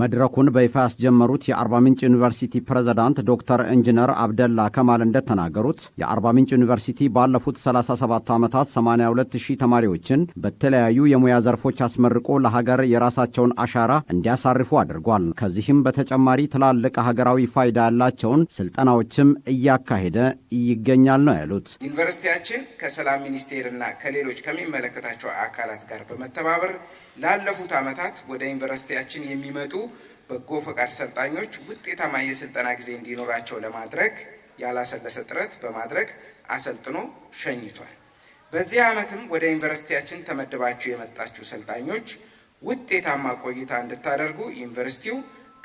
መድረኩን በይፋ ያስጀመሩት የአርባ ምንጭ ዩኒቨርሲቲ ፕሬዝዳንት ዶክተር ኢንጂነር አብደላ ከማል እንደተናገሩት የአርባ ምንጭ ዩኒቨርሲቲ ባለፉት 37 ዓመታት 82 ሺህ ተማሪዎችን በተለያዩ የሙያ ዘርፎች አስመርቆ ለሀገር የራሳቸውን አሻራ እንዲያሳርፉ አድርጓል። ከዚህም በተጨማሪ ትላልቅ ሀገራዊ ፋይዳ ያላቸውን ስልጠናዎችም እያካሄደ ይገኛል ነው ያሉት። ዩኒቨርሲቲያችን ከሰላም ሚኒስቴርና ከሌሎች ከሚመለከታቸው አካላት ጋር በመተባበር ላለፉት ዓመታት ወደ ዩኒቨርሲቲያችን የሚመጡ በጎ ፈቃድ ሰልጣኞች ውጤታማ የስልጠና ጊዜ እንዲኖራቸው ለማድረግ ያላሰለሰ ጥረት በማድረግ አሰልጥኖ ሸኝቷል። በዚህ ዓመትም ወደ ዩኒቨርሲቲያችን ተመድባችሁ የመጣችሁ ሰልጣኞች ውጤታማ ቆይታ እንድታደርጉ ዩኒቨርሲቲው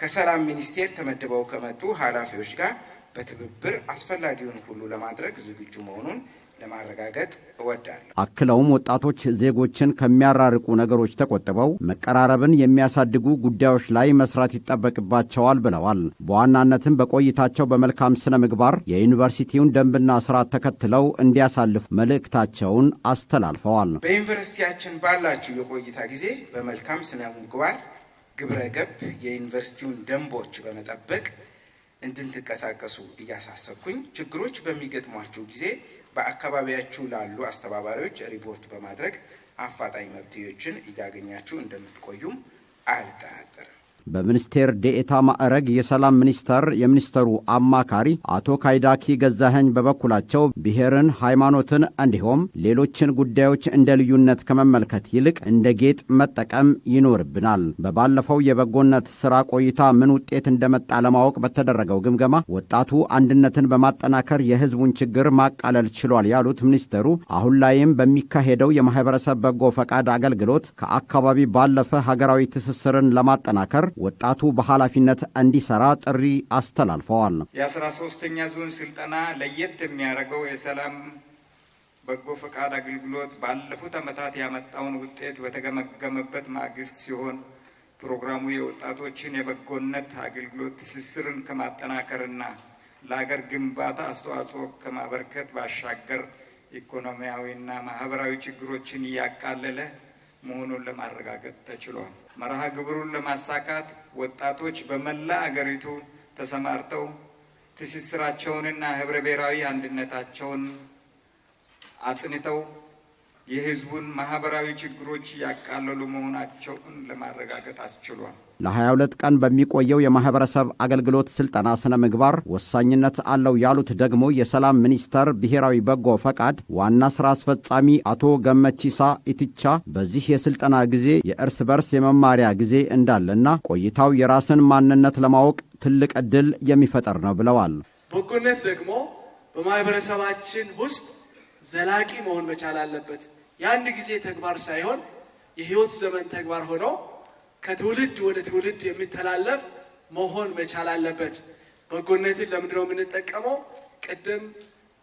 ከሰላም ሚኒስቴር ተመድበው ከመጡ ኃላፊዎች ጋር በትብብር አስፈላጊውን ሁሉ ለማድረግ ዝግጁ መሆኑን ለማረጋገጥ እወዳለሁ። አክለውም ወጣቶች ዜጎችን ከሚያራርቁ ነገሮች ተቆጥበው መቀራረብን የሚያሳድጉ ጉዳዮች ላይ መስራት ይጠበቅባቸዋል ብለዋል። በዋናነትም በቆይታቸው በመልካም ስነ ምግባር የዩኒቨርሲቲውን ደንብና ስርዓት ተከትለው እንዲያሳልፉ መልእክታቸውን አስተላልፈዋል። በዩኒቨርሲቲያችን ባላችሁ የቆይታ ጊዜ በመልካም ስነ ምግባር ግብረ ገብ የዩኒቨርሲቲውን ደንቦች በመጠበቅ እንድትንቀሳቀሱ እያሳሰብኩኝ ችግሮች በሚገጥሟችሁ ጊዜ በአካባቢያችሁ ላሉ አስተባባሪዎች ሪፖርት በማድረግ አፋጣኝ መብትዎችን እያገኛችሁ እንደምትቆዩም አልጠራጠርም። በሚኒስቴር ዴኤታ ማዕረግ የሰላም ሚኒስተር የሚኒስተሩ አማካሪ አቶ ካይዳኪ ገዛኸኝ በበኩላቸው ብሔርን፣ ሃይማኖትን እንዲሁም ሌሎችን ጉዳዮች እንደ ልዩነት ከመመልከት ይልቅ እንደ ጌጥ መጠቀም ይኖርብናል። በባለፈው የበጎነት ስራ ቆይታ ምን ውጤት እንደመጣ ለማወቅ በተደረገው ግምገማ ወጣቱ አንድነትን በማጠናከር የህዝቡን ችግር ማቃለል ችሏል ያሉት ሚኒስተሩ አሁን ላይም በሚካሄደው የማህበረሰብ በጎ ፈቃድ አገልግሎት ከአካባቢ ባለፈ ሀገራዊ ትስስርን ለማጠናከር ወጣቱ በኃላፊነት እንዲሰራ ጥሪ አስተላልፈዋል። የአስራ ሶስተኛ ዞን ስልጠና ለየት የሚያደርገው የሰላም በጎ ፈቃድ አገልግሎት ባለፉት ዓመታት ያመጣውን ውጤት በተገመገመበት ማግስት ሲሆን ፕሮግራሙ የወጣቶችን የበጎነት አገልግሎት ትስስርን ከማጠናከርና ለአገር ግንባታ አስተዋጽኦ ከማበርከት ባሻገር ኢኮኖሚያዊና ማህበራዊ ችግሮችን እያቃለለ መሆኑን ለማረጋገጥ ተችሏል። መርሃ ግብሩን ለማሳካት ወጣቶች በመላ አገሪቱ ተሰማርተው ትስስራቸውንና ህብረ ብሔራዊ አንድነታቸውን አጽንተው የህዝቡን ማህበራዊ ችግሮች ያቃለሉ መሆናቸውን ለማረጋገጥ አስችሏል። ለ22 ቀን በሚቆየው የማህበረሰብ አገልግሎት ስልጠና ስነ ምግባር ወሳኝነት አለው ያሉት ደግሞ የሰላም ሚኒስቴር ብሔራዊ በጎ ፈቃድ ዋና ስራ አስፈጻሚ አቶ ገመቺሳ ኢትቻ በዚህ የስልጠና ጊዜ የእርስ በርስ የመማሪያ ጊዜ እንዳለና ቆይታው የራስን ማንነት ለማወቅ ትልቅ ዕድል የሚፈጠር ነው ብለዋል። በጎነት ደግሞ በማህበረሰባችን ውስጥ ዘላቂ መሆን መቻል አለበት። የአንድ ጊዜ ተግባር ሳይሆን የህይወት ዘመን ተግባር ሆኖ ከትውልድ ወደ ትውልድ የሚተላለፍ መሆን መቻል አለበት። በጎነትን ለምንድነው የምንጠቀመው? ቅድም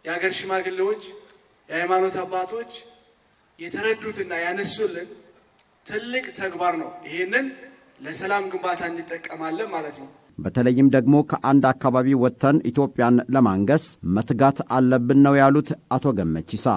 የሀገር ሽማግሌዎች፣ የሃይማኖት አባቶች የተረዱትና ያነሱልን ትልቅ ተግባር ነው። ይህንን ለሰላም ግንባታ እንጠቀማለን ማለት ነው። በተለይም ደግሞ ከአንድ አካባቢ ወጥተን ኢትዮጵያን ለማንገስ መትጋት አለብን ነው ያሉት አቶ ገመቺሳ።